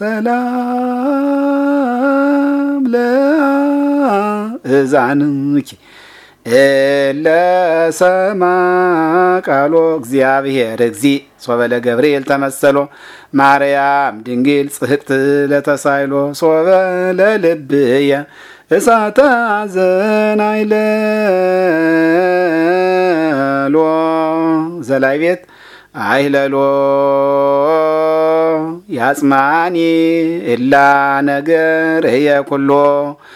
ሰላም ለእዛንኪ እለ ሰማ ቃሎ እግዚአብሔር እግዚ ሶበለ ገብርኤል ተመሰሎ ማርያም ድንግል ጽህቅት ለተሳይሎ ሶበለ ልብየ እሳተ አዘናይለሎ ዘላይ ቤት አይለሎ ያጽማኒ እላ ነገር እየ ኩሎ